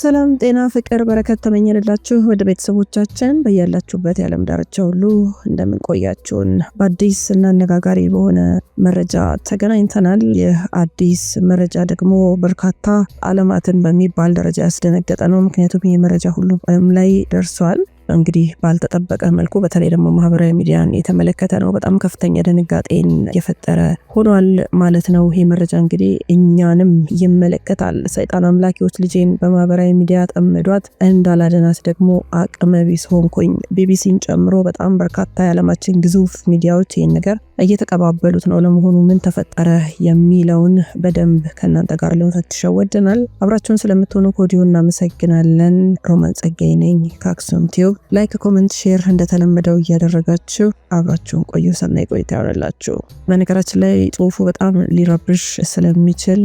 ሰላም ጤና ፍቅር በረከት ተመኘንላችሁ ወደ ቤተሰቦቻችን በያላችሁበት የዓለም ዳርቻ ሁሉ እንደምንቆያችሁን በአዲስ እና አነጋጋሪ በሆነ መረጃ ተገናኝተናል። ይህ አዲስ መረጃ ደግሞ በርካታ ዓለማትን በሚባል ደረጃ ያስደነገጠ ነው። ምክንያቱም ይህ መረጃ ሁሉም ላይ ደርሷል። እንግዲህ ባልተጠበቀ መልኩ በተለይ ደግሞ ማህበራዊ ሚዲያን የተመለከተ ነው። በጣም ከፍተኛ ድንጋጤን የፈጠረ ሆኗል ማለት ነው። ይሄ መረጃ እንግዲህ እኛንም ይመለከታል። ሰይጣን አምላኪዎች ልጄን በማህበራዊ ሚዲያ ጠምዷት እንዳላደናት ደግሞ አቅመ ቢስ ሆንኩኝ። ቢቢሲን ጨምሮ በጣም በርካታ የዓለማችን ግዙፍ ሚዲያዎች ይህን ነገር እየተቀባበሉት ነው። ለመሆኑ ምን ተፈጠረ የሚለውን በደንብ ከእናንተ ጋር ልንፈትሸው ወደናል። አብራችሁን ስለምትሆኑ ከወዲሁ እናመሰግናለን። ሮማን ጸጋይ ነኝ ከአክሱም ቲዩብ ላይክ፣ ኮመንት፣ ሼር እንደተለመደው እያደረጋችሁ አብራችሁን ቆዩ። ሰናይ ቆይታ ያውረላችሁ። በነገራችን ላይ ጽሁፉ በጣም ሊረብሽ ስለሚችል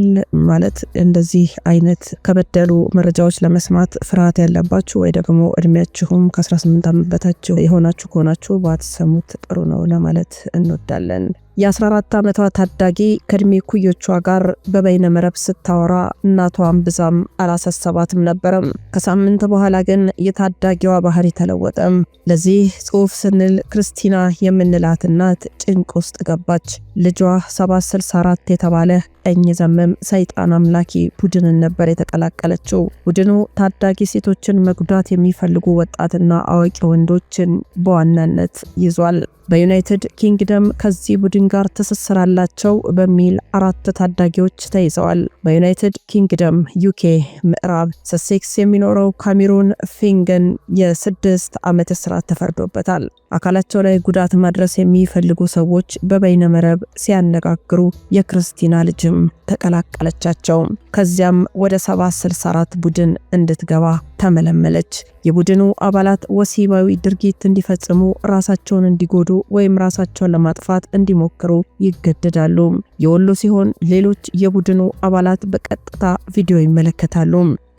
ማለት እንደዚህ አይነት ከበደሉ መረጃዎች ለመስማት ፍርሃት ያለባችሁ ወይ ደግሞ እድሜያችሁም ከ18 ዓመት በታች የሆናችሁ ከሆናችሁ ባትሰሙት ጥሩ ነው ለማለት እንወዳለን። የ14 ዓመቷ ታዳጊ ከእድሜ ኩዮቿ ጋር በበይነ መረብ ስታወራ እናቷን ብዛም አላሳሰባትም ነበረም። ከሳምንት በኋላ ግን የታዳጊዋ ባህሪ ተለወጠም። ለዚህ ጽሑፍ ስንል ክርስቲና የምንላት እናት ጭንቅ ውስጥ ገባች። ልጇ 764 የተባለ ቀኝ ዘመም ሰይጣን አምላኪ ቡድንን ነበር የተቀላቀለችው። ቡድኑ ታዳጊ ሴቶችን መጉዳት የሚፈልጉ ወጣትና አዋቂ ወንዶችን በዋናነት ይዟል። በዩናይትድ ኪንግደም ከዚህ ቡድን ጋር ትስስር አላቸው በሚል አራት ታዳጊዎች ተይዘዋል። በዩናይትድ ኪንግደም ዩኬ ምዕራብ ሰሴክስ የሚኖረው ካሜሩን ፊንገን የስድስት ዓመት እስራት ተፈርዶበታል። አካላቸው ላይ ጉዳት ማድረስ የሚፈልጉ ሰዎች በበይነ መረብ ሲያነጋግሩ የክርስቲና ልጅም ተቀላቀለቻቸው። ከዚያም ወደ 764 ቡድን እንድትገባ ተመለመለች። የቡድኑ አባላት ወሲባዊ ድርጊት እንዲፈጽሙ፣ ራሳቸውን እንዲጎዱ ወይም ራሳቸውን ለማጥፋት እንዲሞክሩ ይገደዳሉ። የወሎ ሲሆን ሌሎች የቡድኑ አባላት በቀጥታ ቪዲዮ ይመለከታሉ።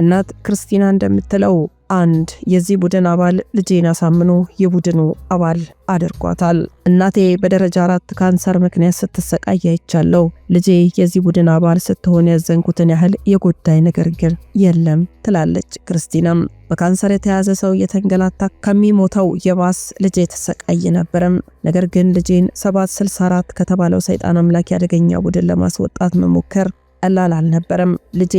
እናት ክርስቲና እንደምትለው አንድ የዚህ ቡድን አባል ልጄን አሳምኖ የቡድኑ አባል አድርጓታል። እናቴ በደረጃ አራት ካንሰር ምክንያት ስትሰቃይ አይቻለሁ። ልጄ የዚህ ቡድን አባል ስትሆን ያዘንኩትን ያህል የጎዳይ ነገር ግን የለም ትላለች ክርስቲናም። በካንሰር የተያዘ ሰው የተንገላታ ከሚሞተው የባስ ልጄ ተሰቃይ ነበርም። ነገር ግን ልጄን 764 ከተባለው ሰይጣን አምላክ ያደገኛ ቡድን ለማስወጣት መሞከር ቀላል አልነበረም። ልጄ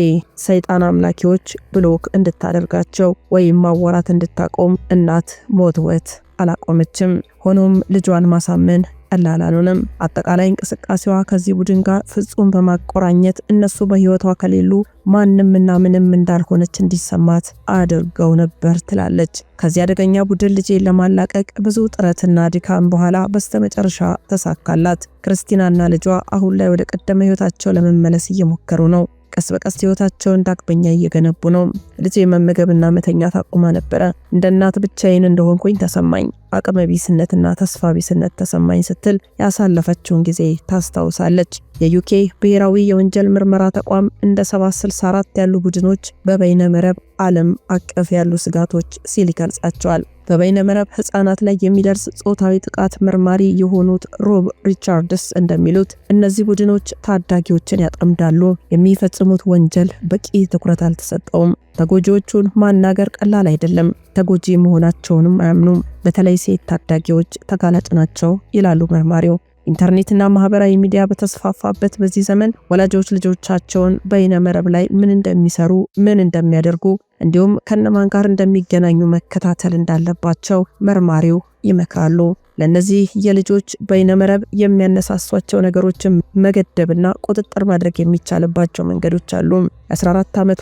ሰይጣን አምላኪዎች ብሎክ እንድታደርጋቸው ወይም ማወራት እንድታቆም እናት ሞትወት አላቆመችም። ሆኖም ልጇን ማሳመን ቀላል አልሆነም። አጠቃላይ እንቅስቃሴዋ ከዚህ ቡድን ጋር ፍጹም በማቆራኘት እነሱ በህይወቷ ከሌሉ ማንም እና ምንም እንዳልሆነች እንዲሰማት አድርገው ነበር ትላለች። ከዚህ አደገኛ ቡድን ልጄን ለማላቀቅ ብዙ ጥረትና ድካም በኋላ በስተመጨረሻ ተሳካላት። ክርስቲናና ልጇ አሁን ላይ ወደ ቀደመ ህይወታቸው ለመመለስ እየሞከሩ ነው። ቀስ በቀስ ህይወታቸውን ዳግመኛ እየገነቡ ነው። ልጄ እና መተኛት አቁማ ነበረ። እንደ እናት ብቻዬን እንደሆንኩኝ ተሰማኝ፣ አቅመ ቢስነትና ተስፋ ቢስነት ተሰማኝ ስትል ያሳለፈችውን ጊዜ ታስታውሳለች። የዩኬ ብሔራዊ የወንጀል ምርመራ ተቋም እንደ 764 ያሉ ቡድኖች በበይነ መረብ ዓለም አቀፍ ያሉ ስጋቶች ሲል ይገልጻቸዋል። በበይነመረብ ህጻናት ላይ የሚደርስ ጾታዊ ጥቃት መርማሪ የሆኑት ሮብ ሪቻርድስ እንደሚሉት እነዚህ ቡድኖች ታዳጊዎችን ያጠምዳሉ። የሚፈጽሙት ወንጀል በቂ ትኩረት አልተሰጠውም። ተጎጂዎቹን ማናገር ቀላል አይደለም። ተጎጂ መሆናቸውንም አያምኑም። በተለይ ሴት ታዳጊዎች ተጋላጭ ናቸው ይላሉ መርማሪው። ኢንተርኔትና ማህበራዊ ሚዲያ በተስፋፋበት በዚህ ዘመን ወላጆች ልጆቻቸውን በይነ መረብ ላይ ምን እንደሚሰሩ፣ ምን እንደሚያደርጉ እንዲሁም ከነማን ጋር እንደሚገናኙ መከታተል እንዳለባቸው መርማሪው ይመክራሉ። ለእነዚህ የልጆች በይነመረብ የሚያነሳሷቸው ነገሮችን መገደብና ቁጥጥር ማድረግ የሚቻልባቸው መንገዶች አሉ። የ14 ዓመቷ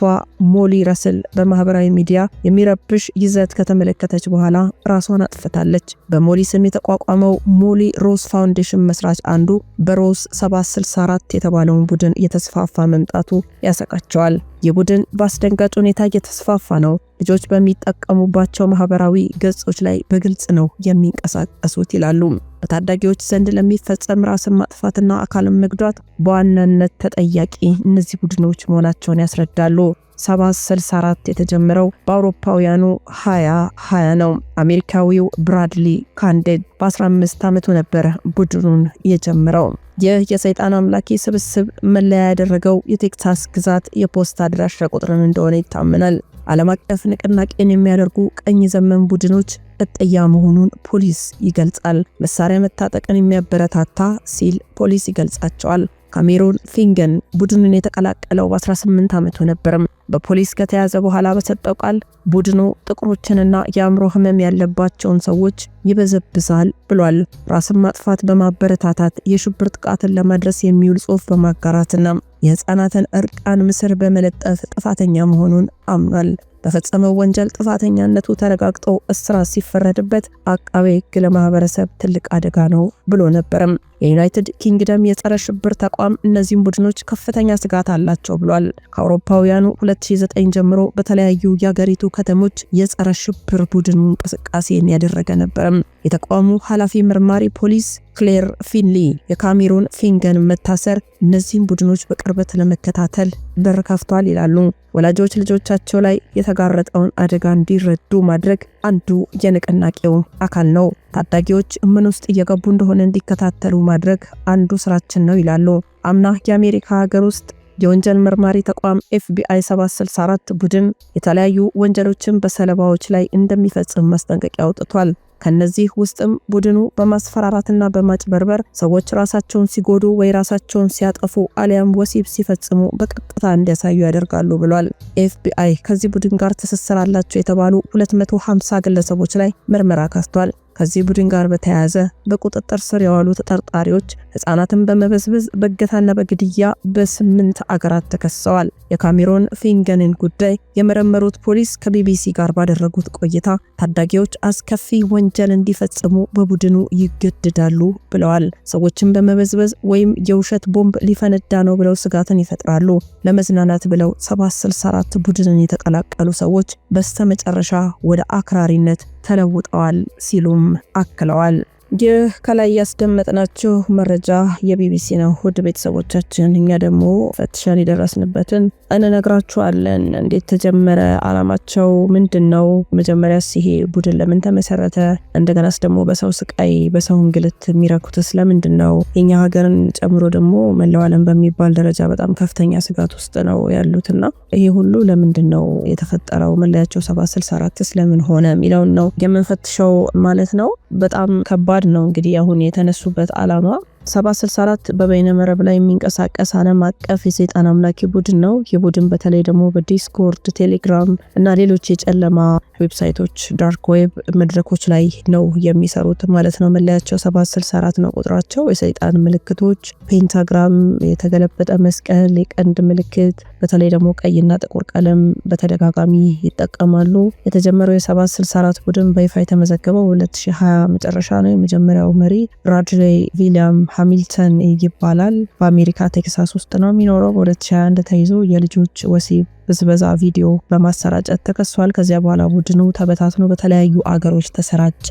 ሞሊ ረስል በማህበራዊ ሚዲያ የሚረብሽ ይዘት ከተመለከተች በኋላ ራሷን አጥፍታለች። በሞሊ ስም የተቋቋመው ሞሊ ሮዝ ፋውንዴሽን መስራች አንዱ በሮዝ 764 የተባለውን ቡድን እየተስፋፋ መምጣቱ ያሰቃቸዋል። ይህ ቡድን በአስደንጋጭ ሁኔታ እየተስፋፋ ነው። ልጆች በሚጠቀሙባቸው ማህበራዊ ገጾች ላይ በግልጽ ነው የሚንቀሳቀሱት ይላሉ። በታዳጊዎች ዘንድ ለሚፈጸም ራስን ማጥፋትና አካልን መጉዳት በዋናነት ተጠያቂ እነዚህ ቡድኖች መሆናቸውን ያስረዳሉ። 764 የተጀመረው በአውሮፓውያኑ 2020 ነው። አሜሪካዊው ብራድሊ ካንዴድ በ15 ዓመቱ ነበረ ቡድኑን የጀመረው። ይህ የሰይጣን አምላኪ ስብስብ መለያ ያደረገው የቴክሳስ ግዛት የፖስታ አድራሻ ቁጥርን እንደሆነ ይታመናል። ዓለም አቀፍ ንቅናቄን የሚያደርጉ ቀኝ ዘመን ቡድኖች ቅጥያ መሆኑን ፖሊስ ይገልጻል። መሳሪያ መታጠቅን የሚያበረታታ ሲል ፖሊስ ይገልጻቸዋል። ካሜሮን ፊንገን ቡድኑን የተቀላቀለው በ18 ዓመቱ ነበርም። በፖሊስ ከተያዘ በኋላ በሰጠው ቃል ቡድኑ ጥቁሮችንና የአእምሮ ህመም ያለባቸውን ሰዎች ይበዘብዛል ብሏል። ራስን ማጥፋት በማበረታታት የሽብር ጥቃትን ለማድረስ የሚውል ጽሑፍ በማጋራትና የህፃናትን እርቃን ምስር በመለጠፍ ጥፋተኛ መሆኑን አምኗል። በፈጸመው ወንጀል ጥፋተኛነቱ ተረጋግጦ እስራት ሲፈረድበት አቃቤ ሕግ ለማህበረሰብ ትልቅ አደጋ ነው ብሎ ነበርም። የዩናይትድ ኪንግደም የጸረ ሽብር ተቋም እነዚህም ቡድኖች ከፍተኛ ስጋት አላቸው ብሏል። ከአውሮፓውያኑ 2009 ጀምሮ በተለያዩ የአገሪቱ ከተሞች የጸረ ሽብር ቡድን እንቅስቃሴን ያደረገ ነበርም። የተቋሙ ኃላፊ ምርማሪ ፖሊስ ክሌር ፊንሊ፣ የካሜሩን ፊንገን መታሰር እነዚህም ቡድኖች በቅርበት ለመከታተል በር ከፍቷል ይላሉ። ወላጆች ልጆቻቸው ላይ የተጋረጠውን አደጋ እንዲረዱ ማድረግ አንዱ የንቅናቄው አካል ነው። ታዳጊዎች ምን ውስጥ እየገቡ እንደሆነ እንዲከታተሉ ማድረግ አንዱ ስራችን ነው ይላሉ። አምና የአሜሪካ ሀገር ውስጥ የወንጀል መርማሪ ተቋም ኤፍቢአይ 764 ቡድን የተለያዩ ወንጀሎችን በሰለባዎች ላይ እንደሚፈጽም ማስጠንቀቂያ አውጥቷል። ከነዚህ ውስጥም ቡድኑ በማስፈራራትና በማጭበርበር ሰዎች ራሳቸውን ሲጎዱ ወይ ራሳቸውን ሲያጠፉ አሊያም ወሲብ ሲፈጽሙ በቀጥታ እንዲያሳዩ ያደርጋሉ ብሏል። ኤፍቢአይ ከዚህ ቡድን ጋር ትስስር አላቸው የተባሉ 250 ግለሰቦች ላይ ምርመራ ከፍቷል። ከዚህ ቡድን ጋር በተያያዘ በቁጥጥር ስር የዋሉ ተጠርጣሪዎች ህጻናትን በመበዝበዝ በእገታና በግድያ በስምንት አገራት ተከሰዋል። የካሜሮን ፊንገንን ጉዳይ የመረመሩት ፖሊስ ከቢቢሲ ጋር ባደረጉት ቆይታ ታዳጊዎች አስከፊ ወንጀል እንዲፈጽሙ በቡድኑ ይገድዳሉ ብለዋል። ሰዎችን በመበዝበዝ ወይም የውሸት ቦምብ ሊፈነዳ ነው ብለው ስጋትን ይፈጥራሉ። ለመዝናናት ብለው 764 ቡድንን የተቀላቀሉ ሰዎች በስተመጨረሻ ወደ አክራሪነት ተለውጠዋል ሲሉም አክለዋል። ይህ ከላይ ያስደመጥናችሁ መረጃ የቢቢሲ ነው። ውድ ቤተሰቦቻችን፣ እኛ ደግሞ ፈትሸን የደረስንበትን እንነግራችኋለን። እንዴት ተጀመረ? አላማቸው ምንድን ነው? መጀመሪያስ ይሄ ቡድን ለምን ተመሰረተ? እንደገናስ ደግሞ በሰው ስቃይ፣ በሰው እንግልት የሚረኩትስ ለምንድን ነው? የኛ ሀገርን ጨምሮ ደግሞ መላው ዓለም በሚባል ደረጃ በጣም ከፍተኛ ስጋት ውስጥ ነው ያሉትና ይሄ ሁሉ ለምንድን ነው የተፈጠረው? መለያቸው 764ስ ለምን ሆነ የሚለውን ነው የምንፈትሸው ማለት ነው። በጣም ከባድ ከባድ ነው። እንግዲህ አሁን የተነሱበት አላማ 764 በበይነ መረብ ላይ የሚንቀሳቀስ ዓለም አቀፍ የሰይጣን አምላኪ ቡድን ነው። ይህ ቡድን በተለይ ደግሞ በዲስኮርድ፣ ቴሌግራም እና ሌሎች የጨለማ ዌብሳይቶች ዳርክ ዌብ መድረኮች ላይ ነው የሚሰሩት ማለት ነው። መለያቸው 764 ነው ቁጥራቸው። የሰይጣን ምልክቶች ፔንታግራም፣ የተገለበጠ መስቀል፣ የቀንድ ምልክት በተለይ ደግሞ ቀይና ጥቁር ቀለም በተደጋጋሚ ይጠቀማሉ። የተጀመረው የ764 ቡድን በይፋ የተመዘገበው 2020 መጨረሻ ነው። የመጀመሪያው መሪ ራድሌ ቪሊያም ሃሚልተን ይባላል። በአሜሪካ ቴክሳስ ውስጥ ነው የሚኖረው። በ2021 ተይዞ የልጆች ወሲብ ብዝበዛ ቪዲዮ በማሰራጨት ተከሷል። ከዚያ በኋላ ቡድኑ ተበታትኖ በተለያዩ አገሮች ተሰራጨ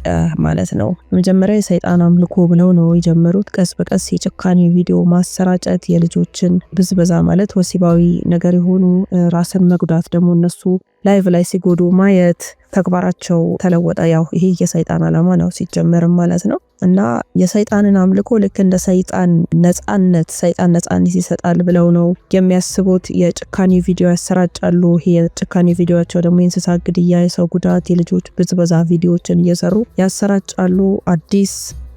ማለት ነው። በመጀመሪያ የሰይጣን አምልኮ ብለው ነው የጀመሩት። ቀስ በቀስ የጭካኔ ቪዲዮ ማሰራጨት፣ የልጆችን ብዝበዛ ማለት ወሲባዊ ነገር የሆኑ ራስን መጉዳት ደግሞ እነሱ ላይቭ ላይ ሲጎዱ ማየት ተግባራቸው ተለወጠ። ያው ይሄ የሰይጣን አላማ ነው ሲጀመርም ማለት ነው። እና የሰይጣንን አምልኮ ልክ እንደ ሰይጣን ነጻነት፣ ሰይጣን ነጻነት ይሰጣል ብለው ነው የሚያስቡት። የጭካኔ ቪዲዮ ያሰራ ያሰራጫሉ። ይሄ የጭካኔ ቪዲዮቸው ደግሞ የእንስሳ ግድያ፣ የሰው ጉዳት፣ የልጆች ብዝበዛ ቪዲዮዎችን እየሰሩ ያሰራጫሉ። አዲስ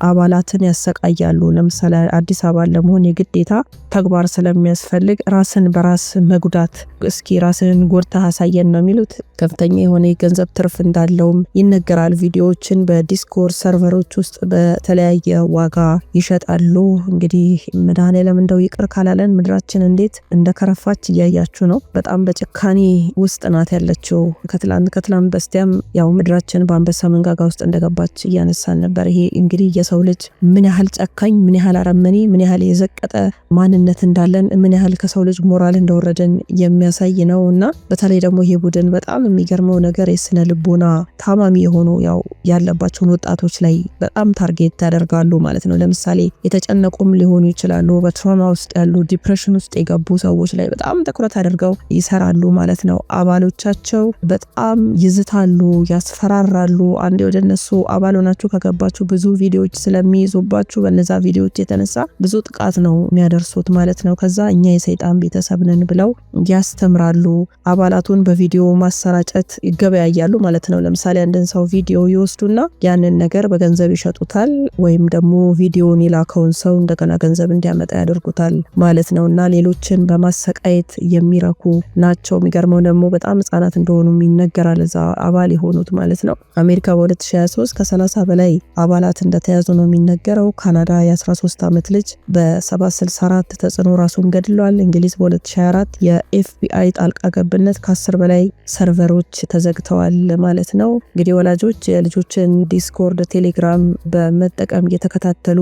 አባላትን ያሰቃያሉ። ለምሳሌ አዲስ አባል ለመሆን የግዴታ ተግባር ስለሚያስፈልግ ራስን በራስ መጉዳት እስኪ ራስህን ጎርተህ አሳየን ነው የሚሉት። ከፍተኛ የሆነ የገንዘብ ትርፍ እንዳለውም ይነገራል። ቪዲዮዎችን በዲስኮርድ ሰርቨሮች ውስጥ በተለያየ ዋጋ ይሸጣሉ። እንግዲህ መድኃኔዓለም እንደው ይቅር ካላለን ምድራችን እንዴት እንደከረፋች እያያችሁ ነው። በጣም በጭካኔ ውስጥ ናት ያለችው። ከትላንት ከትላንት በስቲያም ያው ምድራችን በአንበሳ መንጋጋ ውስጥ እንደገባች እያነሳን ነበር። ይሄ እንግዲህ የሰው ልጅ ምን ያህል ጨካኝ፣ ምን ያህል አረመኔ፣ ምን ያህል የዘቀጠ ማንነት እንዳለን፣ ምን ያህል ከሰው ልጅ ሞራል እንደወረደን የሚያ የሚያሳይ ነው እና በተለይ ደግሞ ይሄ ቡድን በጣም የሚገርመው ነገር የስነ ልቦና ታማሚ የሆኑ ያው ያለባቸውን ወጣቶች ላይ በጣም ታርጌት ያደርጋሉ ማለት ነው። ለምሳሌ የተጨነቁም ሊሆኑ ይችላሉ። በትራማ ውስጥ ያሉ ዲፕሬሽን ውስጥ የገቡ ሰዎች ላይ በጣም ትኩረት አድርገው ይሰራሉ ማለት ነው። አባሎቻቸው በጣም ይዝታሉ፣ ያስፈራራሉ። አንዴ ወደ እነሱ አባል ሆናችሁ ከገባችሁ ብዙ ቪዲዮዎች ስለሚይዙባችሁ በነዛ ቪዲዮዎች የተነሳ ብዙ ጥቃት ነው የሚያደርሱት ማለት ነው። ከዛ እኛ የሰይጣን ቤተሰብ ነን ብለው ያስ ያስተምራሉ። አባላቱን በቪዲዮ ማሰራጨት ይገበያያሉ ማለት ነው። ለምሳሌ አንድን ሰው ቪዲዮ ይወስዱና ያንን ነገር በገንዘብ ይሸጡታል፣ ወይም ደግሞ ቪዲዮን የላከውን ሰው እንደገና ገንዘብ እንዲያመጣ ያደርጉታል ማለት ነው እና ሌሎችን በማሰቃየት የሚረኩ ናቸው። የሚገርመው ደግሞ በጣም ህጻናት እንደሆኑ ይነገራል፣ እዛ አባል የሆኑት ማለት ነው። አሜሪካ በ2023 ከ30 በላይ አባላት እንደተያዙ ነው የሚነገረው። ካናዳ የ13 ዓመት ልጅ በ764 ተጽዕኖ ራሱን ገድሏል። እንግሊዝ በ2024 የኤፍቢ የኤፍቢአይ ጣልቃ ገብነት ከአስር በላይ ሰርቨሮች ተዘግተዋል ማለት ነው። እንግዲህ ወላጆች የልጆችን ዲስኮርድ፣ ቴሌግራም በመጠቀም እየተከታተሉ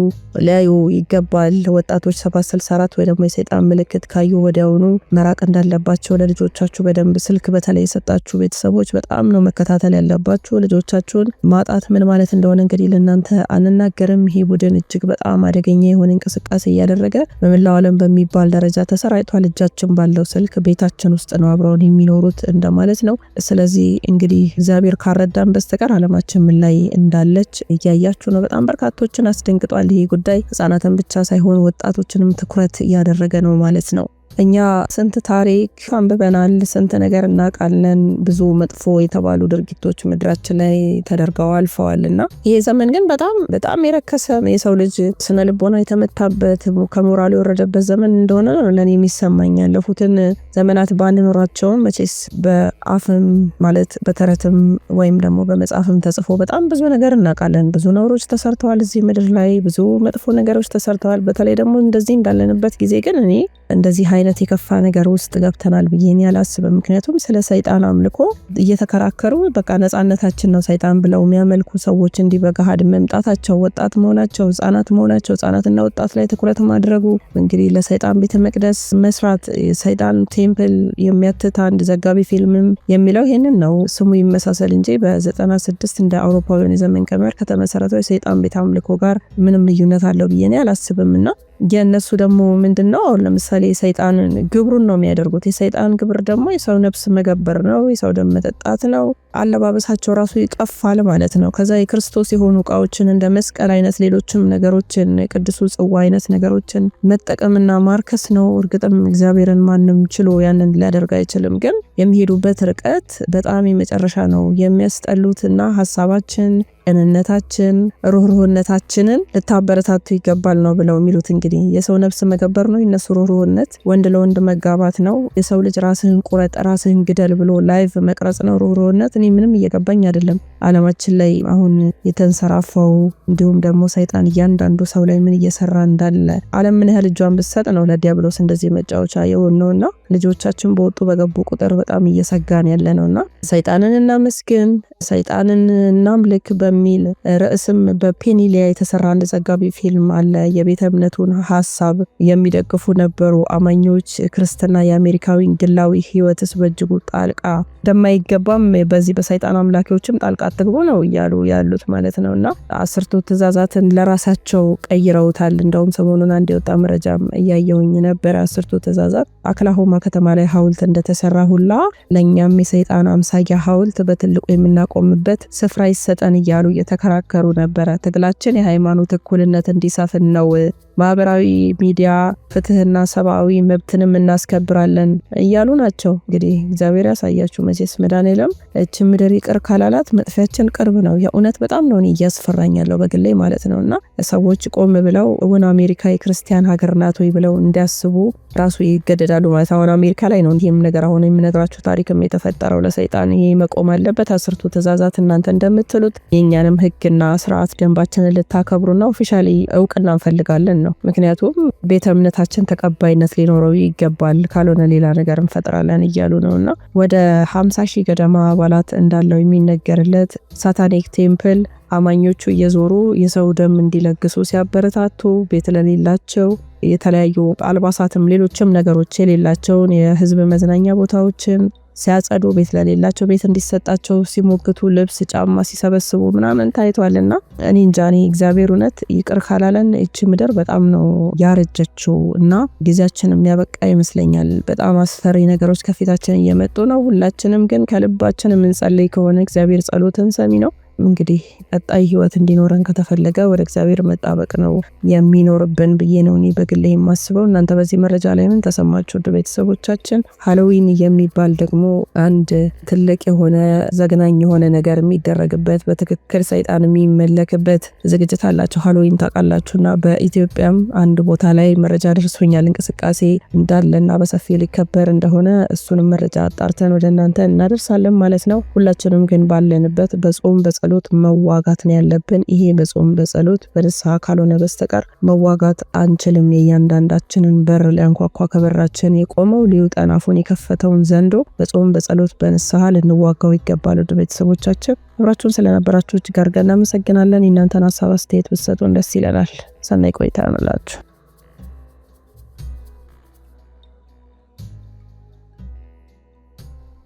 ሊያዩ ይገባል። ወጣቶች 764 ወይ ደግሞ የሰይጣን ምልክት ካዩ ወዲያውኑ መራቅ እንዳለባቸው ለልጆቻችሁ በደንብ ስልክ በተለይ የሰጣችሁ ቤተሰቦች በጣም ነው መከታተል ያለባችሁ። ልጆቻችሁን ማጣት ምን ማለት እንደሆነ እንግዲህ ለእናንተ አንናገርም። ይህ ቡድን እጅግ በጣም አደገኛ የሆነ እንቅስቃሴ እያደረገ በመላው ዓለም በሚባል ደረጃ ተሰራጭቷል። እጃችን ባለው ስልክ ቤታ በህይወታችን ውስጥ ነው አብረውን የሚኖሩት እንደማለት ነው። ስለዚህ እንግዲህ እግዚአብሔር ካረዳን በስተቀር አለማችን ምን ላይ እንዳለች እያያችሁ ነው። በጣም በርካቶችን አስደንግጧል ይሄ ጉዳይ። ህጻናትን ብቻ ሳይሆን ወጣቶችንም ትኩረት እያደረገ ነው ማለት ነው። እኛ ስንት ታሪክ አንብበናል፣ ስንት ነገር እናውቃለን። ብዙ መጥፎ የተባሉ ድርጊቶች ምድራችን ላይ ተደርገው አልፈዋል እና ይሄ ዘመን ግን በጣም በጣም የረከሰ የሰው ልጅ ስነ ልቦና የተመታበት ከሞራሉ የወረደበት ዘመን እንደሆነ ነው ለእኔ የሚሰማኝ። ያለፉትን ዘመናት ባንኖራቸውም መቼስ በአፍም ማለት በተረትም ወይም ደግሞ በመጽሐፍም ተጽፎ በጣም ብዙ ነገር እናውቃለን። ብዙ ነውሮች ተሰርተዋል፣ እዚህ ምድር ላይ ብዙ መጥፎ ነገሮች ተሰርተዋል። በተለይ ደግሞ እንደዚህ እንዳለንበት ጊዜ ግን እኔ እንደዚህ አይነት የከፋ ነገር ውስጥ ገብተናል ብዬ አላስብም። ምክንያቱም ስለ ሰይጣን አምልኮ እየተከራከሩ በቃ ነፃነታችን ነው ሰይጣን ብለው የሚያመልኩ ሰዎች እንዲህ በገሃድ መምጣታቸው፣ ወጣት መሆናቸው፣ ህጻናት መሆናቸው፣ ህጻናትና ወጣት ላይ ትኩረት ማድረጉ እንግዲህ ለሰይጣን ቤተ መቅደስ መስራት ሰይጣን ቴምፕል የሚያትት አንድ ዘጋቢ ፊልምም የሚለው ይህንን ነው። ስሙ ይመሳሰል እንጂ በ96 እንደ አውሮፓውያን የዘመን ቀመር ከተመሰረተው የሰይጣን ቤተ አምልኮ ጋር ምንም ልዩነት አለው ብዬ አላስብም እና የእነሱ ደግሞ ምንድን ነው? አሁን ለምሳሌ የሰይጣንን ግብሩን ነው የሚያደርጉት። የሰይጣን ግብር ደግሞ የሰው ነፍስ መገበር ነው፣ የሰው ደም መጠጣት ነው። አለባበሳቸው ራሱ ይቀፋል ማለት ነው። ከዛ የክርስቶስ የሆኑ እቃዎችን እንደ መስቀል አይነት ሌሎችም ነገሮችን ቅዱሱ ጽዋ አይነት ነገሮችን መጠቀምና ማርከስ ነው። እርግጥም እግዚአብሔርን ማንም ችሎ ያንን ሊያደርግ አይችልም። ግን የሚሄዱበት ርቀት በጣም የመጨረሻ ነው የሚያስጠሉትና ሀሳባችን ቅንነታችን፣ ሩህሩህነታችንን ልታበረታቱ ይገባል ነው ብለው የሚሉት እንግዲህ የሰው ነፍስ መገበር ነው የነሱ ሩህሩህነት። ወንድ ለወንድ መጋባት ነው። የሰው ልጅ ራስህን ቁረጥ፣ ራስህን ግደል ብሎ ላይቭ መቅረጽ ነው ሩህሩህነት። እኔ ምንም እየገባኝ አይደለም አለማችን ላይ አሁን የተንሰራፋው እንዲሁም ደግሞ ሰይጣን እያንዳንዱ ሰው ላይ ምን እየሰራ እንዳለ አለም ምን ያህል እጇን ብትሰጥ ነው ለዲያብሎስ እንደዚህ መጫወቻ የሆን ነው እና ልጆቻችን በወጡ በገቡ ቁጥር በጣም እየሰጋን ያለ ነው እና ሰይጣንን እናመስግን፣ ሰይጣንን እናምልክ በ በሚል ርዕስም በፔኒሊያ የተሰራ አንድ ዘጋቢ ፊልም አለ። የቤተ እምነቱን ሀሳብ የሚደግፉ ነበሩ። አማኞች ክርስትና የአሜሪካዊን ግላዊ ህይወትስ በእጅጉ ጣልቃ እንደማይገባም በዚህ በሰይጣን አምላኪዎችም ጣልቃ አትግቡ ነው እያሉ ያሉት ማለት ነው። እና አስርቱ ትእዛዛትን ለራሳቸው ቀይረውታል። እንደውም ሰሞኑን አንድ የወጣ መረጃም እያየውኝ ነበር። አስርቱ ትእዛዛት አክላሆማ ከተማ ላይ ሀውልት እንደተሰራ ሁላ ለእኛም የሰይጣን አምሳያ ሀውልት በትልቁ የምናቆምበት ስፍራ ይሰጠን እያሉ እየተከራከሩ ነበረ። ትግላችን የሃይማኖት እኩልነት እንዲሰፍን ነው ማህበራዊ ሚዲያ ፍትህና ሰብአዊ መብትንም እናስከብራለን እያሉ ናቸው። እንግዲህ እግዚአብሔር ያሳያችሁ። መቼስ መድኃኔዓለም እች ምድር ይቅር ካላላት መጥፊያችን ቅርብ ነው። የእውነት በጣም ነው እያስፈራኝ ያለው በግሌ ማለት ነው። እና ሰዎች ቆም ብለው እውን አሜሪካ የክርስቲያን ሀገር ናት ወይ ብለው እንዲያስቡ ራሱ ይገደዳሉ ማለት አሁን አሜሪካ ላይ ነው ይህም ነገር አሁን የምነግራችሁ ታሪክም የተፈጠረው ለሰይጣን ይሄ መቆም አለበት። አስርቱ ትእዛዛት እናንተ እንደምትሉት የእኛንም ህግና ስርዓት ደንባችንን ልታከብሩና ኦፊሻሊ እውቅና እንፈልጋለን ነው። ምክንያቱም ቤተ እምነታችን ተቀባይነት ሊኖረው ይገባል፣ ካልሆነ ሌላ ነገር እንፈጥራለን እያሉ ነው እና ወደ 50 ሺህ ገደማ አባላት እንዳለው የሚነገርለት ሳታኒክ ቴምፕል አማኞቹ እየዞሩ የሰው ደም እንዲለግሱ ሲያበረታቱ ቤት ለሌላቸው የተለያዩ አልባሳትም ሌሎችም ነገሮች የሌላቸውን የህዝብ መዝናኛ ቦታዎችን ሲያጸዱ ቤት ለሌላቸው ቤት እንዲሰጣቸው ሲሞግቱ ልብስ፣ ጫማ ሲሰበስቡ ምናምን ታይቷልና እኔ እንጃ እኔ እግዚአብሔር እውነት ይቅር ካላለን ይቺ ምድር በጣም ነው ያረጀችው እና ጊዜያችን የሚያበቃ ይመስለኛል። በጣም አስፈሪ ነገሮች ከፊታችን እየመጡ ነው። ሁላችንም ግን ከልባችን የምንጸልይ ከሆነ እግዚአብሔር ጸሎትን ሰሚ ነው። እንግዲህ ቀጣይ ህይወት እንዲኖረን ከተፈለገ ወደ እግዚአብሔር መጣበቅ ነው የሚኖርብን ብዬ ነው እኔ በግሌ የማስበው። እናንተ በዚህ መረጃ ላይ ምን ተሰማችሁ? ውድ ቤተሰቦቻችን፣ ሀሎዊን የሚባል ደግሞ አንድ ትልቅ የሆነ ዘግናኝ የሆነ ነገር የሚደረግበት በትክክል ሰይጣን የሚመለክበት ዝግጅት አላቸው። ሀሎዊን ታውቃላችሁ። እና በኢትዮጵያም አንድ ቦታ ላይ መረጃ ደርሶኛል እንቅስቃሴ እንዳለና በሰፊ ሊከበር እንደሆነ እሱንም መረጃ አጣርተን ወደ እናንተ እናደርሳለን ማለት ነው። ሁላችንም ግን ባለንበት በጾም በ በጸሎት መዋጋት ነው ያለብን። ይሄ በጾም በጸሎት በንስሐ ካልሆነ በስተቀር መዋጋት አንችልም። የእያንዳንዳችንን በር ሊያንኳኳ ከበራችን የቆመው ሊውጠን አፉን የከፈተውን ዘንዶ በጾም በጸሎት በንስሐ ልንዋጋው ይገባል። ወደ ቤተሰቦቻችን አብራችሁን ስለነበራችሁ እጅግ አድርገን እናመሰግናለን። የእናንተን ሀሳብ አስተያየት ብትሰጡን ደስ ይለናል። ሰናይ ቆይታ እንላችሁ።